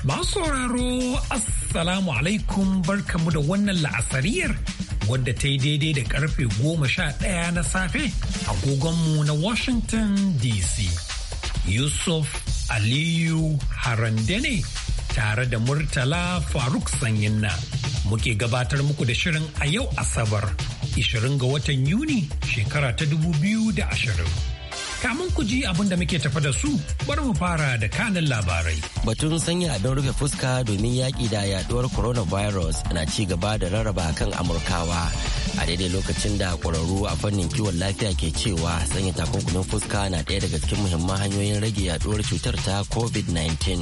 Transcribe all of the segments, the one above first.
Masu sauraro Assalamu alaikum barkamu da wannan la'asariyar wadda ta yi daidai da karfe goma sha ɗaya na safe agogonmu na Washington DC. Yusuf Aliyu Harande ne tare da Murtala Faruk Sanyinna muke gabatar muku da shirin a yau Asabar 20 ga watan Yuni shekara ta 2020. Kamun ku ji abin da muke tafa da su bari mu fara da kanin labarai. Batun sanya abin rufe fuska domin yaƙi da yaduwar coronavirus na ci gaba da rarraba kan Amurkawa. A daidai lokacin da ƙwararru a fannin kiwon lafiya ke cewa sanya takunkumin fuska na ɗaya daga cikin muhimman hanyoyin rage yaduwar cutar ta COVID-19.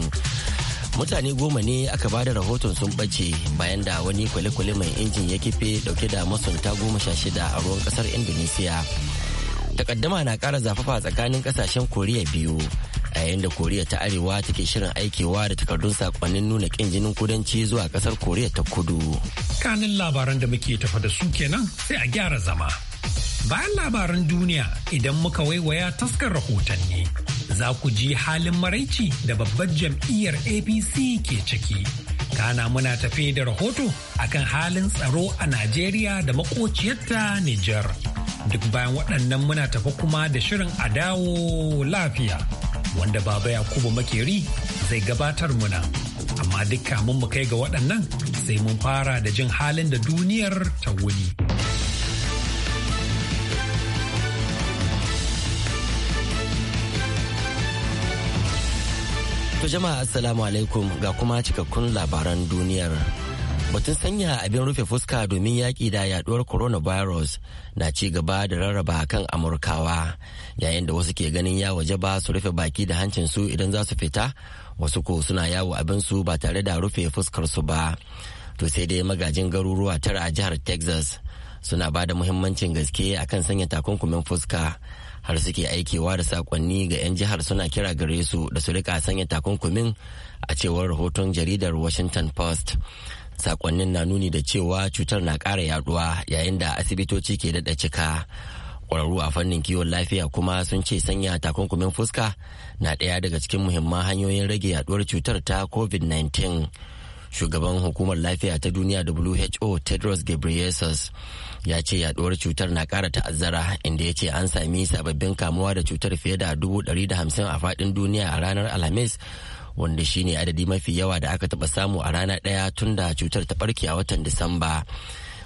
Mutane goma ne aka ba da rahoton sun ɓace bayan da wani kwale-kwale mai injin ya kife dauke da masunta goma sha shida a ruwan ƙasar Indonesia. takaddama na ƙara zafafa tsakanin kasashen koriya biyu a yayin da koriya ta arewa take shirin aikewa da takardun sakonnin nuna kin jinin kudanci zuwa kasar koriya ta kudu kanin labaran da muke tafa da su kenan sai a gyara zama bayan labaran duniya idan muka waiwaya taskar rahotanni za ku ji halin maraici da babbar jam'iyyar apc ke ciki kana muna tafe da rahoto akan halin tsaro a najeriya da makociyarta nijar. Duk bayan waɗannan muna tafi kuma da shirin a dawo lafiya wanda Baba Yakubu Makeri zai gabatar muna. Amma duk kamun mu kai ga waɗannan sai mun fara da jin halin da duniyar ta wuni. To jama'a assalamu alaikum ga kuma cikakkun labaran duniyar. Batun sanya abin rufe fuska domin yaƙi da yaduwar coronavirus na ci gaba da rarraba kan Amurkawa yayin da wasu ke ganin ya waje ba su rufe baki da hancinsu idan za su fita wasu ko suna yawo abinsu ba tare da rufe fuskarsu ba. To sai dai magajin garuruwa tara a jihar Texas suna ba da muhimmancin gaske akan sanya takunkumin fuska har suke aikewa da sakonni ga 'yan jihar suna kira gare su da su rika sanya takunkumin a cewar rahoton jaridar Washington Post. sakonnin na nuni da cewa cutar na ƙara yaduwa yayin da asibitoci ke daɗa cika ƙwararru a fannin kiwon lafiya kuma sun ce sanya takunkumin fuska na ɗaya daga cikin muhimman hanyoyin rage yaduwar cutar ta covid-19 shugaban hukumar lafiya ta duniya who tedros ghebreyesus ya ce yaduwar cutar na kara ta'azzara inda ya ce an sami sababbin kamuwa da cutar fiye da 150 a faɗin duniya a ranar alhamis wanda shine adadi mafi yawa da aka taɓa samu a rana ɗaya tun da cutar ta ɓarke a watan Disamba.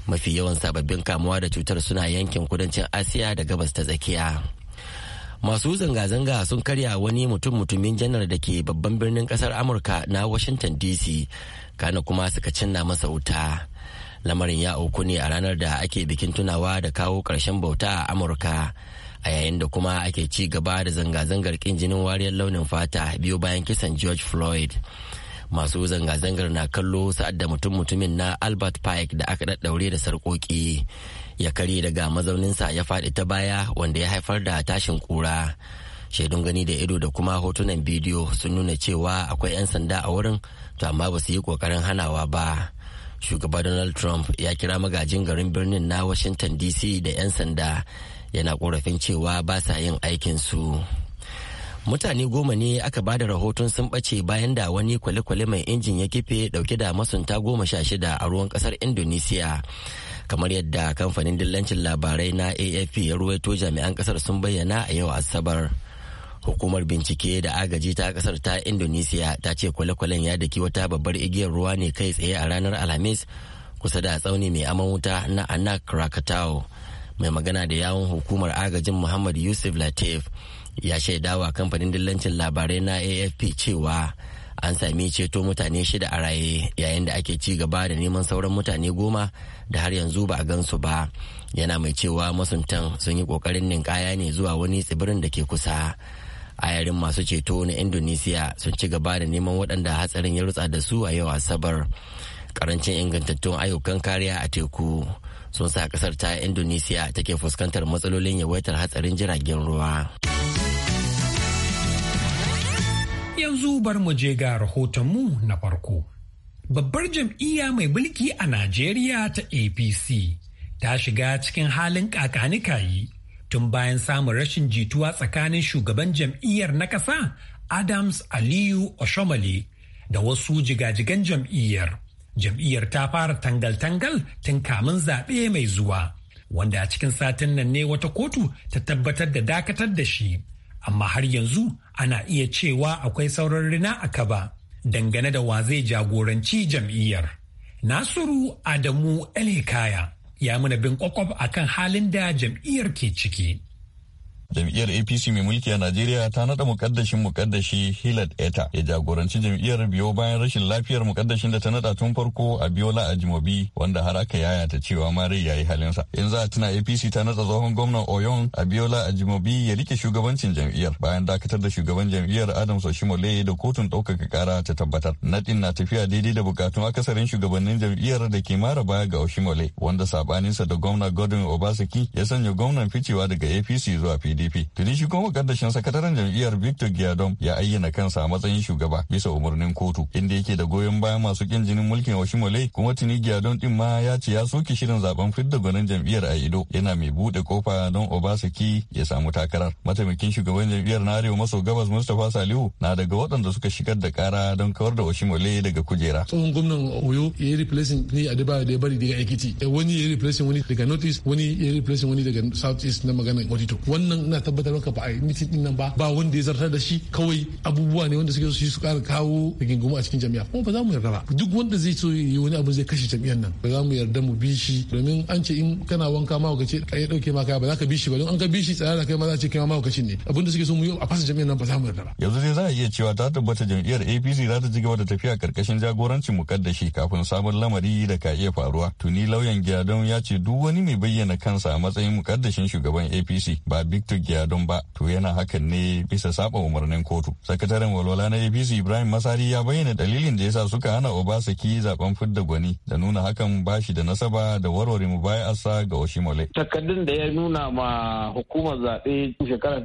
Mafi yawan sababbin kamuwa da cutar suna yankin kudancin Asiya da gabas ta tsakiya. Masu zanga-zanga sun karya wani mutum-mutumin janar da ke babban birnin kasar Amurka na Washington DC, kana kuma suka cinna masa wuta. Lamarin ya uku ne a ranar da ake bikin tunawa da kawo ƙarshen bauta a Amurka. a yayin da kuma ake ci gaba da zanga-zangar kin jinin wariyar launin fata biyu bayan kisan george floyd masu zanga-zangar na kallo sa'ad da mutum-mutumin na albert pike da aka daddaure da sarkoki ya kare daga mazauninsa ya faɗi ta baya wanda ya haifar da tashin kura shaidun gani da ido da kuma hotunan bidiyo sun nuna cewa akwai 'yan sanda a wurin to amma ba su yi kokarin hanawa ba shugaba donald trump ya kira magajin garin birnin na washington dc da 'yan sanda yana korafin cewa ba sa yin aikinsu mutane goma ne aka ba da rahoton sun ɓace bayan da wani kwale-kwale mai injin ya kife dauke da masunta goma sha shida a ruwan ƙasar indonesia kamar yadda kamfanin dillancin labarai na afp ya ruwaito jami'an ƙasar sun bayyana a yau asabar hukumar bincike da agaji ta ƙasar ta indonesia ta ce kwale-kwalen ya daki wata babbar igiyar ruwa ne kai tsaye a ranar alhamis kusa da tsauni mai aman wuta na anak krakatau mai magana da yawun hukumar agajin muhammad yusuf latif ya shaidawa kamfanin dillancin labarai na afp cewa an sami ceto mutane shida a raye yayin da ake ci gaba da neman sauran mutane goma da har yanzu ba a gansu ba yana mai cewa masuntan sun yi kokarin ninkaya ne zuwa wani tsibirin da ke kusa ayarin masu ceto na indonesia sun ci gaba da neman waɗanda hatsarin ya rutsa da su a yau asabar karancin ingantattun ayyukan kariya a teku sun sa kasar ta indonesia take fuskantar matsalolin yawaitar hatsarin jiragen ruwa yanzu bar mu je ga rahotonmu na farko babbar jam'iyya mai mulki a najeriya ta apc ta shiga cikin halin kakanikayi tun bayan samun rashin jituwa tsakanin shugaban jam'iyyar na ƙasa adams aliyu oshomale da wasu jigajigan jam'iyyar Jam'iyyar ta fara tangal-tangal tun kamun zaɓe mai zuwa, wanda a cikin satin nan ne wata kotu ta tabbatar da dakatar da shi. Amma har yanzu ana iya cewa akwai sauran rina a kaba dangane da wa zai jagoranci jam'iyyar. Nasiru Adamu elikaya ya mana bin kwakwab akan halin da jam'iyyar ke ciki. jam'iyyar apc mai mulki a najeriya ta naɗa mukaddashin mukaddashi hilad eta ya jagoranci jam'iyyar biyo bayan rashin lafiyar mukaddashin da ta naɗa tun farko a biola ajimobi wanda har aka yaya ta cewa mare ya yi halinsa in za a tuna apc ta naɗa tsohon gwamnan oyon a biola ajimobi ya rike shugabancin jam'iyyar bayan dakatar da shugaban jam'iyyar adam oshimole da kotun ɗaukaka kara ta tabbatar naɗin na tafiya daidai da bukatun akasarin shugabannin jam'iyyar da ke mara baya ga oshimole wanda sabaninsa da gwamna godwin obasaki ya sanya gwamnan ficewa daga apc zuwa pd pdp tuni shi kuma mukaddashin sakataren jam'iyyar victor giadom ya ayyana kansa a matsayin shugaba bisa umarnin kotu inda yake da goyon bayan masu kin jinin mulkin oshimole kuma tuni giadom din ma ya ce ya soke shirin zaben fidda gwanin jam'iyyar a ido yana mai buɗe kofa don obasaki ya samu takarar mataimakin shugaban jam'iyyar na arewa maso gabas mustapha salihu na daga waɗanda suka shigar da kara don kawar da oshimole daga kujera tsohon gwamnan oyo ya yi replacing ni a da ya bari daga ekiti eh, wani ya yi replacing wani daga east wani ya yi replacing wani daga East na maganar wannan ina tabbatar maka ba a yi mitin din nan ba ba wanda ya zartar da shi kawai abubuwa ne wanda suke so su kara kawo rigingimu a cikin jami'a kuma ba za mu yarda ba duk wanda zai so yi wani abu zai kashe jami'an nan ba za mu yarda mu bi shi domin an ce in kana wanka ma ka ce yi dauke ma ba za ka bi shi ba don an ka bi shi tsara da kai ma za a ce kai ma mahaukacin ne abinda suke so mu yi a fasa jami'an nan ba za mu yarda ba yanzu dai za a iya cewa ta tabbata jam'iyyar APC za ta ci gaba da tafiya karkashin jagorancin mukaddashi kafin sabon lamari da ka iya faruwa tuni lauyan Gyadon ya ce duk wani mai bayyana kansa a matsayin mukaddashin shugaban APC ba Victor magiya don ba to yana hakan ne bisa saba umarnin kotu sakataren walwala na abc ibrahim masari ya bayyana dalilin da yasa suka hana obasaki zaben fidda gwani da nuna hakan bashi da nasaba da warware mu baya asa ga oshimole takardun da ya nuna ma hukumar zaɓe shekarar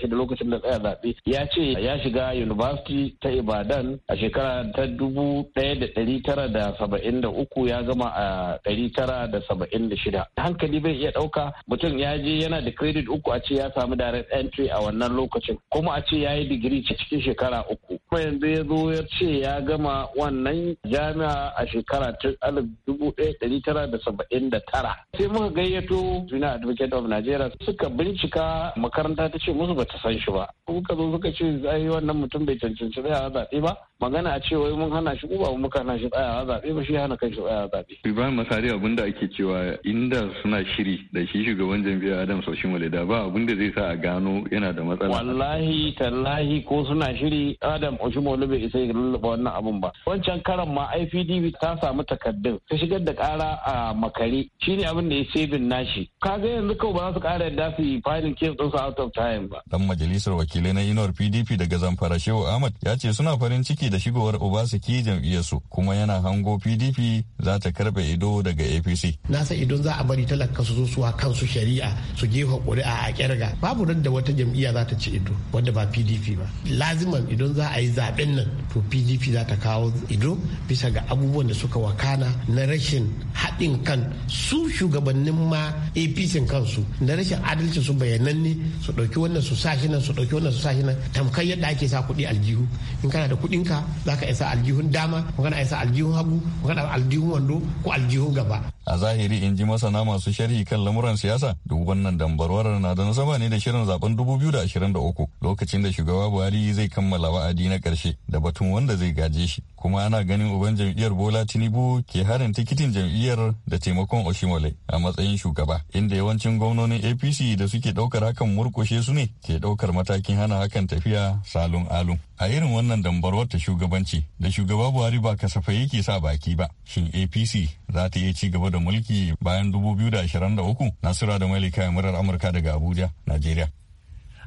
shida lokacin da tsaya zaɓe ya ce ya shiga university ta ibadan a shekara ta dubu ɗaya da da da tara saba'in uku ya gama a tara da da saba'in shida hankali bai iya ɗauka mutum ya je yana da credit uku uku a ce ya samu direct entry a wannan lokacin kuma a ce ya yi digiri cikin shekara uku kuma yanzu ya zo ya ce ya gama wannan jami'a a shekara ta alif dubu ɗaya ɗari tara da saba'in da tara sai muka gayyato juna advocate of nigeria suka bincika makaranta ta ce musu bata san shi ba kuka zo suka ce zai wannan mutum bai cancanci tsayawa zaɓe ba magana a ce wai mun hana shi ba muka hana shi tsayawa zaɓe ba shi hana kai shi tsayawa zaɓe. Ibrahim Masari abinda ake cewa inda suna shiri da shi shugaban jam'iyyar Adam Soshin da ba abin da zai sa a gano yana da matsala wallahi tallahi ko suna shiri adam oshimolu bai isa ya lullaba wannan abun ba wancan karan ma ipdb ta samu takardun ta shigar da kara a makare ne abin da ya sabin nashi ga yanzu kawai ba za su kara yadda su yi filin case ɗinsu out of time ba dan majalisar wakilai na inuwar pdp daga zamfara shehu ahmad ya ce suna farin ciki da shigowar obasaki jam'iyyarsu kuma yana hango pdp za ta karbe ido daga apc na sa idon za a bari talaka su zo su kansu shari'a su jefa ƙuri'a a a kirga babu nan da wata jam'iyya za ta ci ido wanda ba pdp ba laziman idan za a yi zaben nan to pdp za ta kawo ido bisa ga abubuwan da suka wakana na rashin haɗin kan su shugabannin ma apc kansu na rashin adalci su bayananne su ɗauki wannan su sa nan su ɗauki wannan su sa nan tamkar yadda ake sa kuɗi aljihu in kana da kuɗin ka za ka isa aljihun dama ko kana isa aljihun hagu ko kana aljihun wando ko aljihun gaba a zahiri in ji masana masu sharhi kan lamuran siyasa duk wannan dambarwarar na da nasaba ne da shirin zaben uku. lokacin da shugaba buhari zai kammala wa'adi na karshe da batun wanda zai gaje shi kuma ana ganin uban jam'iyyar bola tinubu ke harin tikitin jam'iyyar da taimakon oshimole a matsayin shugaba inda yawancin gwamnonin apc da suke ɗaukar hakan murkushe su ne ke ɗaukar matakin hana hakan tafiya salun alun a irin wannan dambarwar ta shugabanci da shugaba buhari ba kasafai yake sa baki ba shin apc za ta iya ci gaba da mulki bayan 2023 nasura da malika murar amurka daga abuja najeriya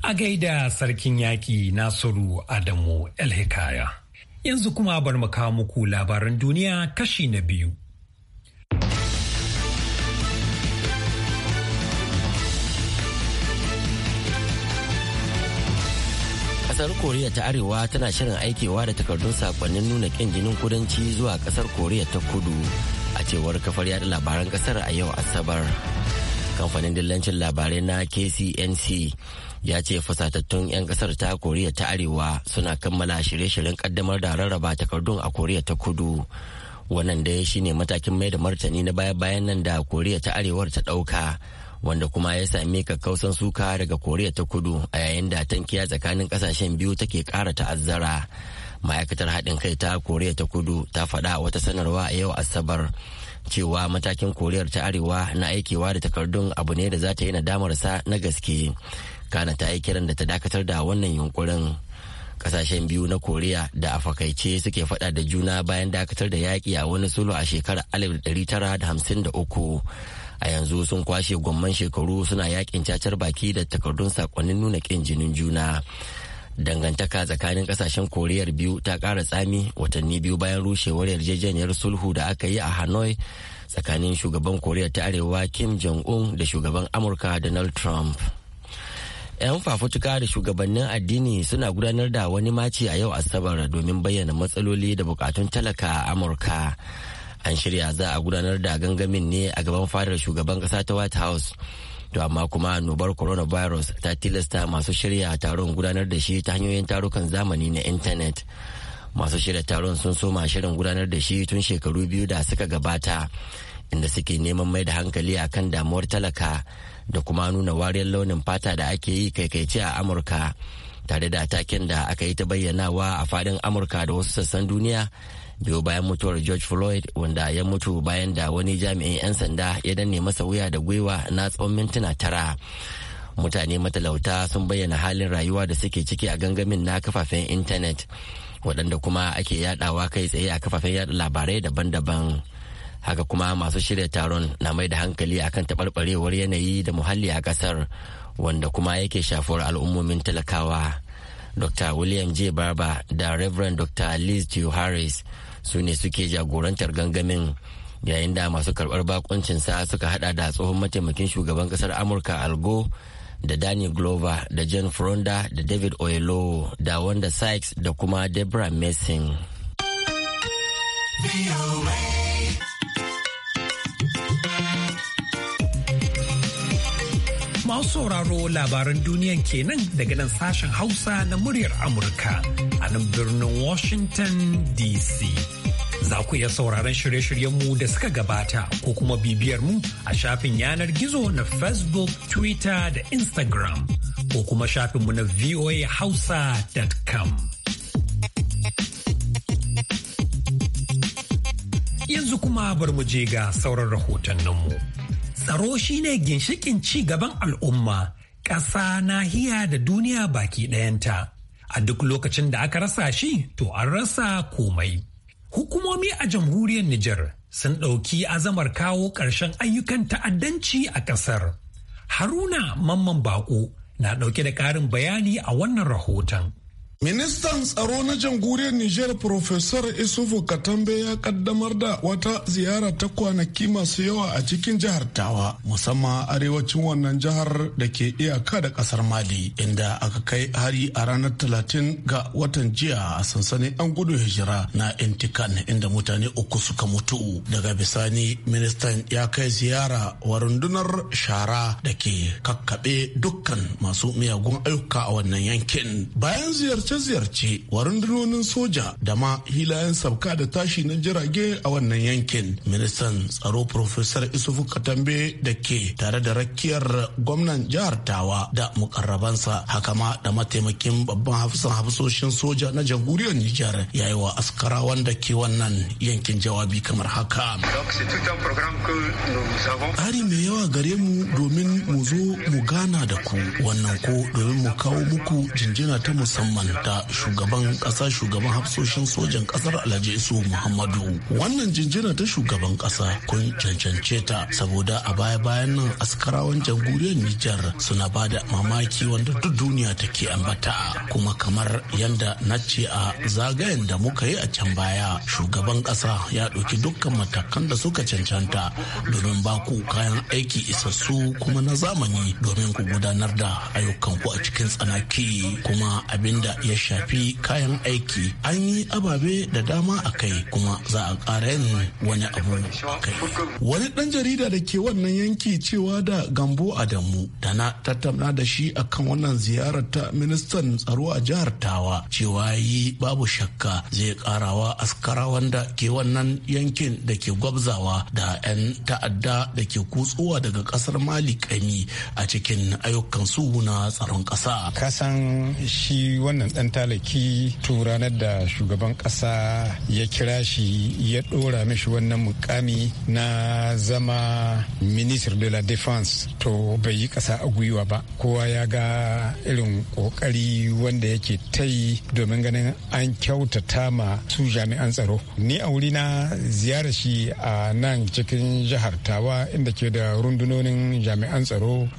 a gaida sarkin yaƙi nasiru adamu alhikaya yanzu kuma bar mu labaran duniya kashi na biyu kasar koriya ta arewa tana shirin aikewa da takardun sakonnin nuna kin jinin kudanci zuwa kasar koriya ta kudu a cewar kafar yada labaran kasar a yau asabar kamfanin dillancin labarai na kcnc ya ce fasatattun 'yan kasar ta koriya ta arewa suna kammala shirye-shiryen kaddamar da rarraba takardun a koriya ta kudu wannan dai shine matakin mai da martani na baya-bayan nan da koriya ta arewar ta ɗauka wanda kuma ya sami kakkausan suka daga koriya ta kudu a yayin da tankiya tsakanin kasashen biyu take kara ta'azzara ma'aikatar haɗin kai ta koriya ta kudu ta faɗa wata sanarwa a yau asabar cewa matakin koriyar ta arewa na aikewa da takardun abu ne da za ta yi sa na gaske kana ta yi kiran da ta dakatar da wannan yunkurin kasashen biyu na koriya da a fakaice suke faɗa da juna bayan dakatar da yaƙi a wani sulhu a shekarar 1953 a yanzu sun kwashe gwamman shekaru suna yakin cacar baki da takardun sakonnin nuna kin jinin juna dangantaka tsakanin kasashen koriyar biyu ta kara tsami watanni biyu bayan rushewar yarjejeniyar sulhu da aka yi a hanoi tsakanin shugaban koriya ta arewa kim jong-un da shugaban amurka donald trump 'yan fafutuka da shugabannin addini suna gudanar da wani maci a yau asabar domin bayyana matsaloli da bukatun talaka a amurka an shirya za a gudanar da gangamin ne a gaban fadar shugaban kasa ta white house to amma kuma annobar coronavirus ta tilasta masu shirya taron gudanar da shi ta hanyoyin tarukan zamani na intanet masu shirya taron sun soma shirin gudanar da shi tun shekaru biyu da suka gabata inda suke neman mai da hankali a kan damuwar talaka da kuma nuna wariyar launin fata da ake yi kaikaice a amurka tare da taken da aka yi ta bayyanawa a fadin amurka da wasu sassan duniya biyo bayan mutuwar george floyd wanda ya mutu bayan da wani jami'in 'yan sanda ya danne masa wuya da gwiwa na tsawon mintuna tara mutane matalauta sun bayyana halin rayuwa da suke ciki a gangamin na kafafen intanet waɗanda kuma ake yadawa kai tsaye a kafafen yada labarai daban-daban haka kuma masu shirya taron na mai da hankali akan taɓarɓarewar yanayi da muhalli a ƙasar wanda kuma yake shafuwar al'ummomin talakawa dr william j barber da reverend dr liz J. harris su ne suke jagorantar gangamin yayin da masu karbar sa suka hada da tsohon mataimakin shugaban kasar amurka algo da danny glover da john fronda da david oelo da wanda sykes da kuma debra messing. Masu sauraro labaran duniyan kenan daga nan sashen Hausa na muryar Amurka a nan birnin Washington DC. Za ku iya sauraron shirye-shiryenmu da suka gabata ko kuma bibiyar mu a shafin yanar gizo na Facebook, Twitter da Instagram ko kuma shafinmu na voahausa.com. Yanzu kuma bar mu je ga sauran rahotanninmu. Tsaro shine ginshikin ci gaban al'umma, ƙasa nahiya da duniya baki ɗayanta. A duk lokacin da aka rasa shi, to an rasa komai. Hukumomi a jamhuriyar Nijar sun ɗauki azamar kawo ƙarshen ayyukan ta'addanci a ƙasar. Haruna Mamman baƙo na ɗauke da ƙarin bayani a wannan rahoton. Ministan tsaro na jamhuriyar Nijar Profesor Isufu Katambe ya kaddamar da wata ziyara ta kwanaki masu yawa a cikin jihar Tawa, musamman arewacin wannan jihar da ke iyaka da kasar Mali, inda aka kai hari a ranar 30 ga watan jiya a sansanin ɗan gudun hijira na Intikan inda mutane uku suka mutu. Daga bisani ministan ya kai ziyara wa rundunar shara da ke kakkaɓe dukkan masu miyagun ayyuka a wannan yankin. Bayan ziyarci ta ziyarci wa soja da ma hilayen sabka da tashi na jirage a wannan yankin ministan tsaro professor isufu katambe da ke tare da rakiyar gwamnan jihar tawa da mukarrabansa haka ma da mataimakin babban hafsan hafsoshin soja na jamhuriyar nijar ya yi wa askara wanda ke wannan yankin jawabi kamar haka tsari mai yawa gare mu domin mu zo mu gana da ku wannan ko domin mu kawo muku jinjina ta musamman da shugaban ƙasa shugaban hafsoshin sojan ƙasar Alhaji iso Muhammadu. Wannan jinjina ta shugaban ƙasa kun cancance ta saboda a baya-bayan nan askarawan jamhuriyar Nijar suna ba da mamaki wanda duk duniya take ambata kuma kamar yanda na ce a zagayen da muka yi a can baya shugaban ƙasa ya ɗauki dukkan matakan da suka cancanta domin ba ku kayan aiki isassu kuma na zamani domin ku gudanar da ayyukanku a cikin tsanaki kuma abinda ya shafi kayan aiki an yi ababe da dama a kai kuma za a ƙara yin wani abu kai wani ɗan jarida da ke wannan yanki cewa da gambo adamu da na tattauna da shi akan wannan ziyarar ta ministan tsaro a jihar tawa cewa yi babu shakka zai karawa askara wanda ke wannan yankin da ke gwabzawa da 'yan ta'adda da ke kutsuwa daga ƙasar mali kami a cikin ayyukan su na tsaron ƙasa kasan shi wannan dan talaki to ranar da shugaban kasa ya kira shi ya dora mishi wannan mukami na zama minister de la defense to bai yi kasa a gwiwa ba kowa ya ga irin kokari wanda yake ta yi domin ganin an kyautata ma su jami'an tsaro ni a wuri na ziyarar shi a nan cikin jihar tawa inda ke da rundunonin jami'an tsaro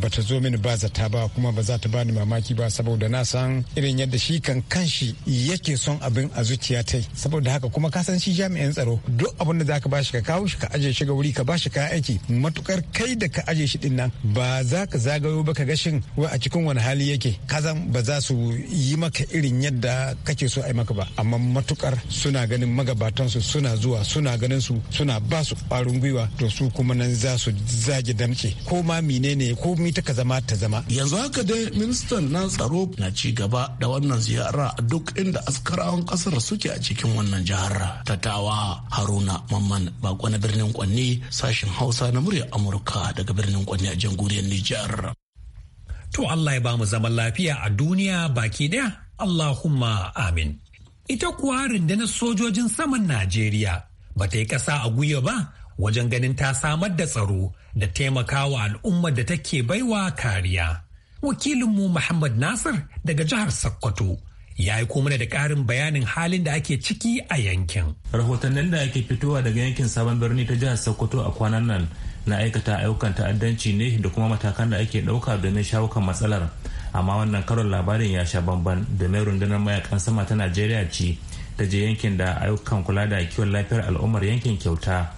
ba ta zo mini ba zata ba kuma ba za ta bani mamaki ba saboda na san irin yadda shi kan kanshi yake son abin a zuciya ta saboda haka kuma ka san shi jami'in tsaro duk abin da zaka bashi ka kawo shi ka aje shi ga wuri ka bashi ka aiki matukar kai da ka aje shi din nan ba za ka zagayo ba ka ga shin wai a cikin wani hali yake ka zan ba za su yi maka irin yadda kake so a yi maka ba amma matukar suna ganin magabatan su suna zuwa suna ganin su suna ba su kwarin gwiwa to su kuma nan za su zage damce ko ma menene ko mi ta ka zama ta zama yanzu haka dai ministan na tsaro na ci gaba da wannan ziyara duk inda askarawan kasar suke a cikin wannan jihar tattawa haruna mamman bako na birnin kwanni sashen hausa na murya amurka daga birnin kwanni a jamhuriyar nijar to allah ya ba mu zaman lafiya a duniya baki daya allahumma amin ita kuwa rundunar sojojin saman najeriya ba ta yi ƙasa a gwiwa ba wajen ganin ta samar da tsaro da taimakawa al'ummar da take baiwa kariya wakilinmu Muhammad Nasir daga jihar Sokoto. ya yi mana da ƙarin bayanin halin da ake ciki a yankin. Rahotannin da ake fitowa daga yankin sabon birni ta jihar Sokoto a kwanan nan na aikata ayyukan ta'addanci ne da kuma matakan da ake ɗauka domin shawo kan matsalar. Amma wannan karon labarin ya sha bamban mai rundunar mayakan sama ta Najeriya ce ta je yankin da ayyukan kula da kiwon lafiyar al'ummar yankin kyauta.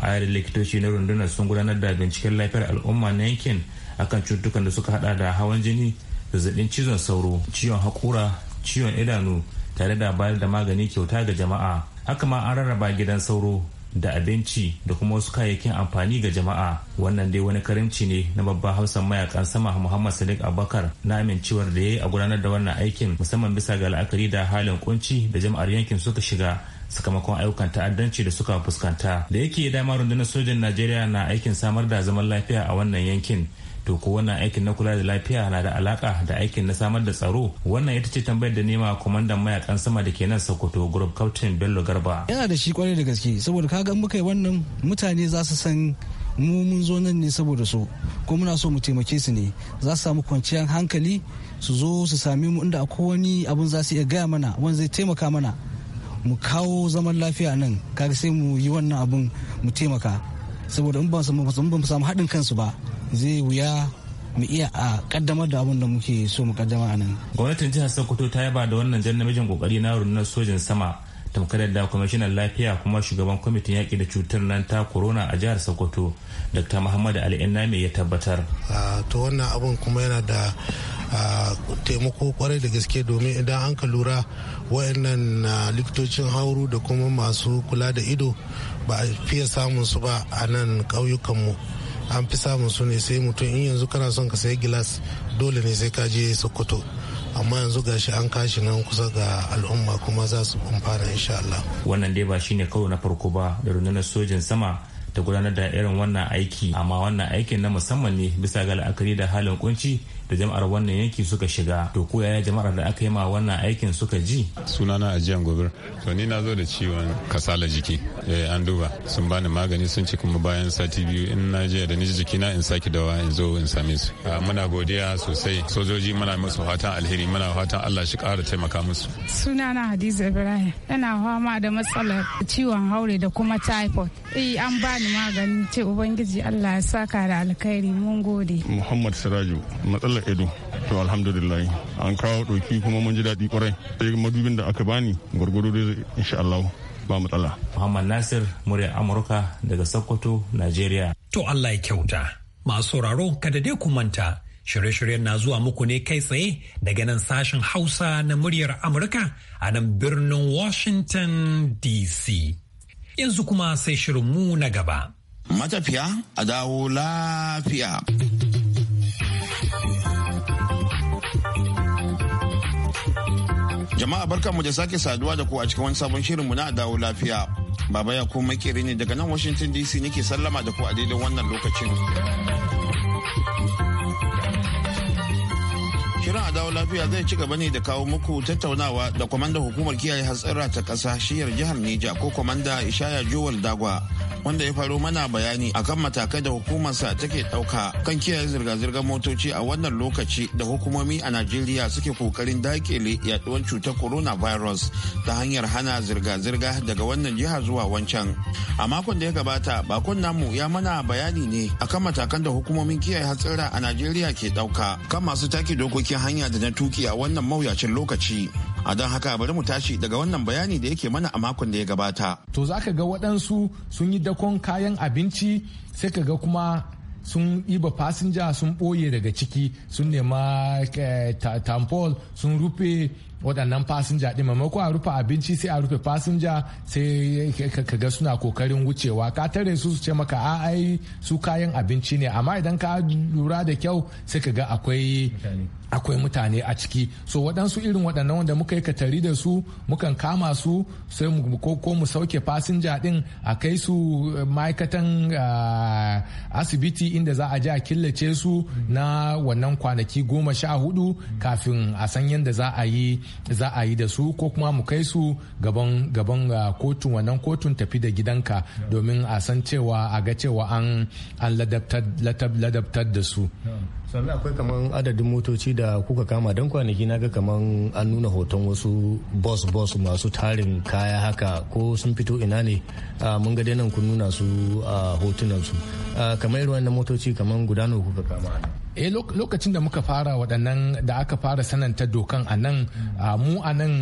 A yadda likitoci na rundunar sun gudanar da binciken lafiyar al'umma na yankin akan cututtukan da suka hada da hawan jini zazzabin cizon sauro ciwon haƙura ciwon idanu tare da bayar da magani kyauta ga jama'a haka ma an rarraba gidan sauro da abinci da kuma wasu kayayyakin amfani ga jama'a wannan dai wani karimci ne na babban hausan mayakan sama muhammad sadiq abubakar na amincewar da ya yi a gudanar da wannan aikin musamman bisa ga la'akari da halin kunci da jama'ar yankin suka shiga sakamakon ayyukan ta'addanci da suka fuskanta da yake dama rundunar sojan najeriya na aikin samar da zaman lafiya a wannan yankin to ko wannan aikin na kula da lafiya na da alaka da aikin na samar da tsaro wannan ita ce tambayar da nema kwamandan mayakan sama da ke nan sokoto group captain bello garba yana da shi kwarai da gaske saboda kaga muka yi wannan mutane za su san mu mun zo nan ne saboda su ko muna so mu taimake su ne za su samu kwanciyar hankali su zo su sami mu inda akwai wani abun za su iya gaya mana wani zai taimaka mana mu kawo zaman lafiya nan kaga sai mu yi wannan abun mu taimaka saboda in ba mu samu haɗin kansu ba zai wuya mu iya a kaddamar da abin da muke so mu kaddama a nan. Gwamnatin jihar Sokoto ta yaba da wannan jan namijin kokari na rundunar sojin sama tamkar da kwamishinan lafiya kuma shugaban kwamitin yaƙi da cutar nan ta corona a jihar Sokoto Dr. Muhammad Ali Inname ya tabbatar. to wannan abin kuma yana da taimako kwarai da gaske domin idan an ka lura wayannan likitocin hauru da kuma masu kula da ido ba a fiye samun su ba a nan ƙauyukanmu. an fi samun su ne sai mutum in yanzu kana son ka sayi gilas dole ne sai ka je sokoto amma yanzu gashi an kashi nan kusa ga al'umma kuma za su amfana insha Allah. Wannan dai ba shine kawo na farko ba da rundunar sojin sama ta gudanar da irin wannan aiki amma wannan aikin na musamman ne bisa ga la'akari da halin kunci da jama'ar wannan yanki suka shiga to ko yaya jama'ar da aka yi ma wannan aikin suka ji sunana ajiyan gobir to ni na zo da ciwon kasala jiki eh, an duba sun bani magani sun ci kuma bayan sati biyu in na je da ni jikina in saki dawa in zo in same su ah, muna godiya sosai sojoji muna musu fatan alheri muna fatan Allah shi kara taimaka musu sunana Hadiza Ibrahim ina fama da matsalar ciwon haure da kuma typhoid eh an bani magani ce ubangiji Allah ya saka da alkhairi mun gode Muhammad Siraju matsalar to alhamdulillah an kawo ɗauki kuma mun ji daɗi kwarai sai madubin da aka bani gwargwado da insha Allah ba matsala. Muhammad Nasir murya Amurka daga Sokoto, Najeriya. To Allah ya kyauta. Masu sauraro kada dai ku manta shirye-shiryen na zuwa muku ne kai tsaye daga nan sashen Hausa na muryar Amurka a nan birnin Washington DC. Yanzu kuma sai shirinmu na gaba. Matafiya a dawo lafiya. Jama'a barkanmu da sake saduwa da ku a cikin wani sabon shirinmu na dawo lafiya. Baba ya kuma makeri ne daga nan Washington DC nake sallama da ku a daidai wannan lokacin. kiran a dawo lafiya zai ci gaba ne da kawo muku tattaunawa da kwamandan hukumar kiyaye hatsara ta kasa shiyar jihar Nija ko kwamanda Ishaya Jowal Dagwa wanda ya faro mana bayani akan matakai da hukumarsa take dauka kan kiyaye zirga-zirgar motoci a wannan lokaci da hukumomi a Najeriya suke kokarin dakile yaduwar cutar coronavirus ta hanyar hana zirga-zirga daga wannan jiha zuwa wancan. A makon da ya gabata bakon namu ya mana bayani ne akan matakan da hukumomin kiyaye hatsara a Najeriya ke dauka kan masu taki dokoki cikin hanya da na tuki a wannan mawuyacin lokaci a don haka bari mu tashi daga wannan bayani da yake mana a makon da ya gabata to za ka ga waɗansu sun yi dakon kayan abinci sai ka ga kuma sun ɗiba fasinja sun ɓoye daga ciki sun nema eh, tampol sun rufe waɗannan fasinja ɗin maimako a rufe abinci sai a rufe fasinja sai ka ga suna kokarin wucewa ka tare su su ce maka a ai su kayan abinci ne amma idan ka lura da kyau sai ka ga akwai akwai mutane a ciki so waɗansu irin waɗannan wanda muka yi katari da su mukan kama su sai mu ko mu sauke fasinja ɗin a kai su eh, ma'aikatan ah, asibiti inda za a je a killace su mm. na wannan kwanaki goma sha hudu kafin a san yadda za a yi za a yi da su ko kuma mu kai su gaban gaban ah, kotun wannan kotun tafi da gidanka domin a san cewa a ga cewa an ladabtar da su sannan akwai kaman adadin motoci da kuka kama don kwanaki na ga kaman an nuna hoton wasu bus bus masu tarin kaya haka ko sun fito ina ne mun ga nan kun nuna su a hotunan su kamar irin wannan motoci kaman guda nawa kuka kama eh lokacin da muka fara waɗannan da aka fara sananta dokan a nan mu a nan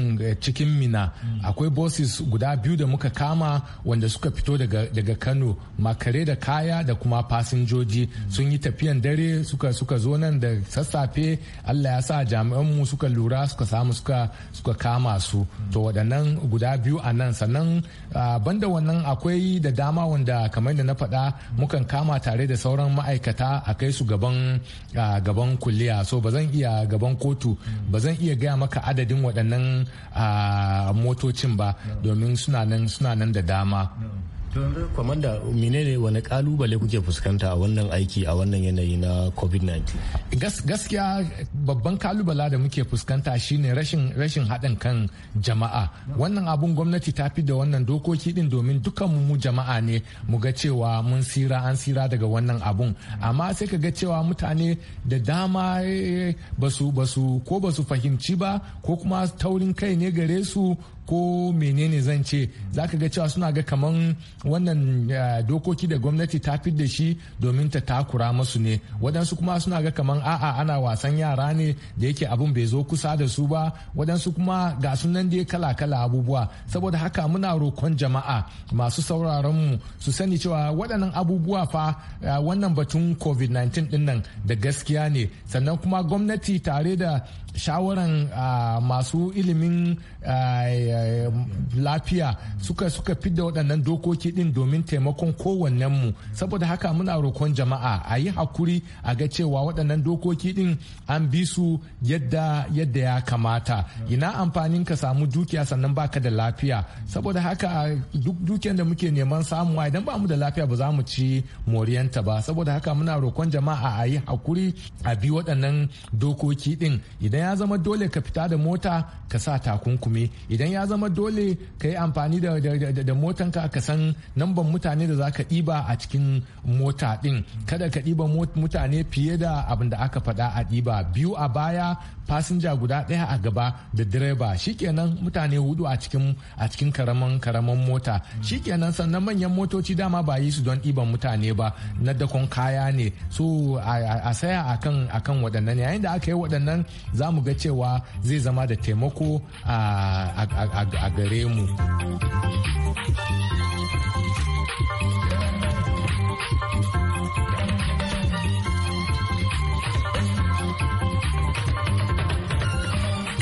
cikin mina akwai bosses guda biyu da muka kama wanda suka fito daga kano makare da kaya da kuma fasinjoji sun yi tafiyan dare suka suka zo nan da sassafe allah ya sa jami'an mu suka lura suka samu suka kama su to waɗannan guda biyu a nan sannan banda wannan akwai da dama wanda kamar da na faɗa mukan kama tare da sauran ma'aikata a kai su gaban gaban kulliya so ba zan iya gaban kotu ba zan iya gaya maka adadin waɗannan motocin ba domin suna nan da dama yanzu kwamanda menene wani kalubale kuke fuskanta a wannan aiki a wannan yanayi na covid-19 gaskiya babban kalubala da muke fuskanta shine rashin rashin haɗin kan jama'a wannan abun gwamnati ta fi da wannan dokoki din domin dukkanmu mu jama'a ne mu ga cewa mun sira an sira daga wannan abun amma sai ka ga cewa mutane da dama eh, basu basu ko basu fahimci ba ko kuma taurin kai ne gare su ko menene zan ce za ga cewa suna ga kaman wannan eh, dokoki da gwamnati ta fi da shi domin ta takura masu ne waɗansu kuma suna ga kamar a'a ana wasan yara ne da yake abin bai zo kusa da su ba waɗansu kuma ga sunan ya kala-kala abubuwa saboda haka muna rokon jama'a masu sauraron mu su sani cewa waɗannan abubuwa fa eh, wannan batun covid-19 ɗin da gaskiya ne sannan kuma gwamnati tare da shawaran ah, masu ilimin ah, lafiya suka suka fidda waɗannan dokoki ɗin domin taimakon kowannenmu saboda haka muna rokon jama'a a yi hakuri a ga cewa waɗannan dokoki ɗin an bi su yadda yadda ya kamata ina amfanin ka samu dukiya sannan baka da lafiya saboda haka ah, duk dukiyar da muke neman samuwa idan ba mu da lafiya ba za mu ci moriyanta ba saboda haka muna rokon jama'a a yi hakuri a bi waɗannan dokoki ɗin idan ya zama dole ka fita da mota ka sa takunkumi idan ya zama dole ka yi amfani da, da, motanka ka san namban mutane da za ka ɗiba a cikin mota ɗin kada ka ɗiba mutane fiye da abin da aka faɗa a ɗiba biyu a baya fasinja guda ɗaya a gaba da direba shikenan mutane hudu a cikin a cikin karaman karaman mota shikenan sannan manyan motoci dama ba yi su don ɗiban mutane ba na dakon kaya ne so a saya akan akan waɗannan yayin da aka yi waɗannan za mu ga cewa zai zama da taimako a gare mu.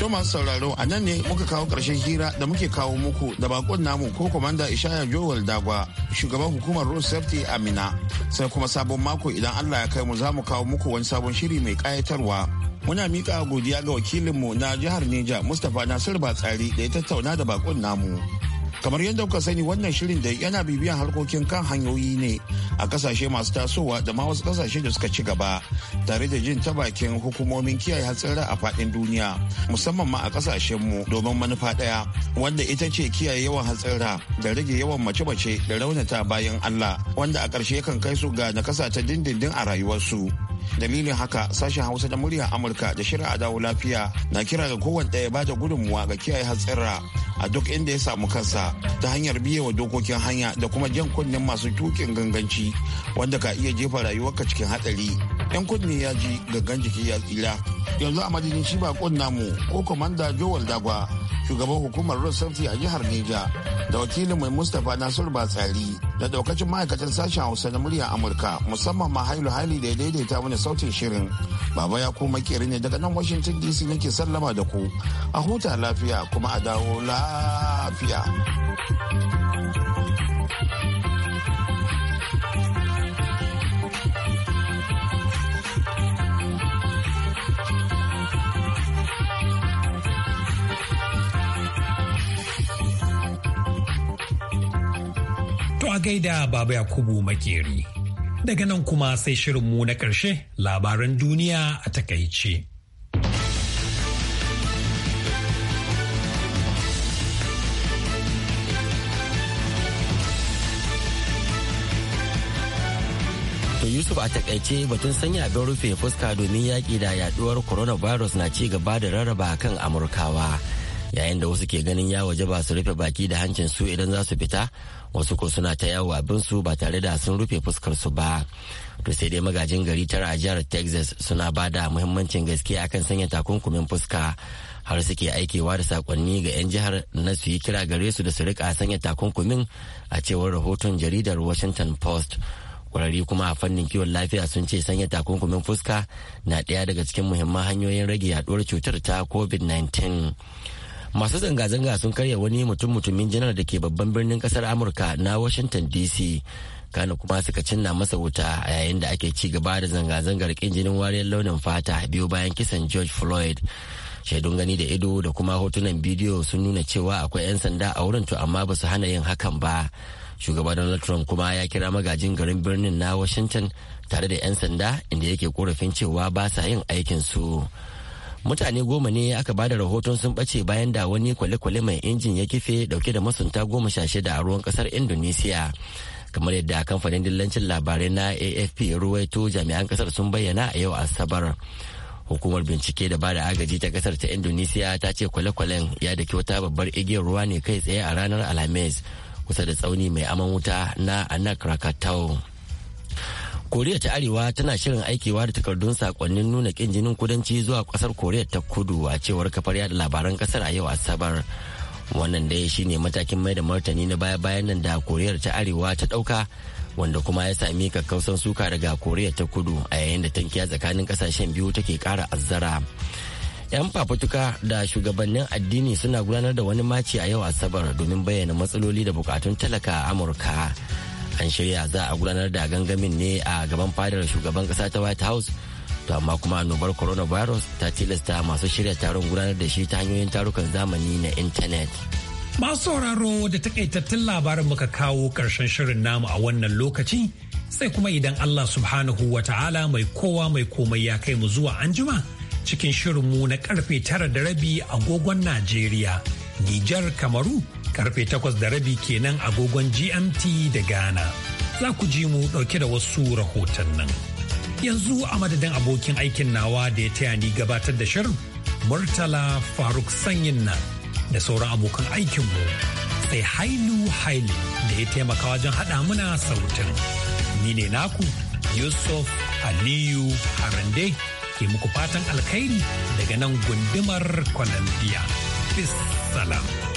To masu sauraro a nan ne muka kawo ƙarshen hira da muke kawo muku da bakon namu ko kwamanda Ishaya Joel Dagwa shugaban hukumar Road Safety Amina. Sai kuma sabon mako idan Allah ya kai mu za mu kawo muku wani sabon shiri mai ƙayatarwa. muna mika godiya ga wakilinmu na jihar Neja Mustapha Nasir Batsari da ya tattauna da bakon namu. Kamar yadda kuka sani wannan shirin da yana bibiyan harkokin kan hanyoyi ne a kasashe masu tasowa da ma wasu kasashe da suka ci gaba tare da jin ta bakin hukumomin kiyaye hatsara a fadin duniya musamman ma a kasashen mu domin manufa ɗaya wanda ita ce kiyaye yawan hatsara da rage yawan mace-mace da raunata bayan Allah wanda a ƙarshe yakan kai su ga nakasa ta dindindin a rayuwarsu. Dalilin haka sashen Hausa da murya Amurka da shirya a dawo lafiya na kira ga kowanne ɗaya bada da gudunmuwa ga kiyaye hatsira a duk inda ya samu kansa ta hanyar biye wa dokokin hanya da kuma jan kunnen masu tukin ganganci wanda ka iya jefa rayuwarka cikin hatsari. Yan kunne ya ji gangan jiki ya tsira. Yanzu a madadin shi ba namu ko kwamanda Jowal Dagwa shugaban hukumar road a jihar neja da wakilin mai mustapha nasir batsari da daukacin ma'aikatan sashen hausa na murya amurka musamman ma hailu hali da ya daidaita mana sautin shirin baba ya koma kere ne daga nan washington dc nake sallama da ku a huta lafiya kuma a dawo lafiya. kwa gaida Baba Yakubu Makeri. Daga nan kuma sai shirinmu na ƙarshe labaran duniya a takaice. To Yusuf a takaice batun sanya abin rufe fuska domin yaƙi da yaduwar coronavirus na ci gaba da rarraba kan Amurkawa. yayin da wasu ke ganin ya waje ba su rufe baki da hancin su idan za su fita wasu ko suna ta yawo su ba tare da sun rufe fuskar su ba to sai dai magajin gari tara a jihar texas suna ba da muhimmancin gaske akan sanya takunkumin fuska har suke aikewa da sakonni ga 'yan jihar na su yi kira gare su da su rika sanya takunkumin a cewar rahoton jaridar washington post kwararri kuma a fannin kiwon lafiya sun ce sanya takunkumin fuska na ɗaya daga cikin muhimman hanyoyin rage yaduwar cutar ta covid-19 masu zanga-zanga sun karya wani mutum mutumin janar da ke babban birnin kasar amurka na washington dc kano kuma suka cinna masa wuta a yayin da ake ci gaba da zanga-zangar kin jinin wariyar launin fata biyu bayan kisan george floyd shaidun gani da ido da kuma hotunan bidiyo sun nuna cewa akwai 'yan sanda a wurin to amma ba su hana yin hakan ba shugaba donald trump kuma ya kira magajin garin birnin na washington tare da 'yan sanda inda yake korafin cewa ba sa yin aikinsu. su mutane goma ne aka bada rahoton sun bace bayan da wani kwale-kwale mai injin ya kife dauke da masunta goma sha shida a ruwan kasar indonesia kamar yadda kamfanin dillancin labarai na afp ruwaito jami'an kasar sun bayyana a yau asabar hukumar bincike da bada agaji ta kasar ta indonesia ta ce kwale-kwalen ya daki wata babbar igiyar ruwa ne kai tsaye a ranar alhamis kusa da tsauni mai aman wuta na anak krakatau koriya ta arewa tana shirin aikewa da takardun sakonnin nuna kin jinin kudanci zuwa kasar koriya ta kudu a cewar kafar yada labaran kasar a yau asabar wannan dai shine matakin mai da martani na baya-bayan nan da koriya ta arewa ta dauka wanda kuma ya sami kakkausan suka daga koriya ta kudu a yayin da tankiya tsakanin kasashen biyu take kara azzara yan fafutuka da shugabannin addini suna gudanar da wani maci a yau asabar domin bayyana matsaloli da bukatun talaka a amurka an shirya za a gudanar da gangamin ne a gaban fadar shugaban kasa ta white house to amma kuma annobar coronavirus ta tilasta masu shirya taron gudanar da shi ta hanyoyin tarukan zamani na intanet masu sauraro da takaitattun labarin muka kawo karshen shirin namu a wannan lokaci sai kuma idan allah subhanahu wa ta'ala mai kowa mai komai ya kai mu zuwa anjima cikin shirin mu na karfe tara da rabi agogon najeriya nijar kamaru karfe takwas da rabi kenan agogon GMT da Ghana. Za ku ji mu ɗauke da wasu rahotannin. Yanzu a madadin abokin aikin nawa da ya taya ni gabatar da shirin Murtala Faruk Sanyin na da sauran abokan aikinmu sai Hailu haile da ya taimaka wajen haɗa muna sautin. Ni ne naku Yusuf Aliyu Harande ke muku fatan alkhairi daga nan gundumar Columbia. Peace salam.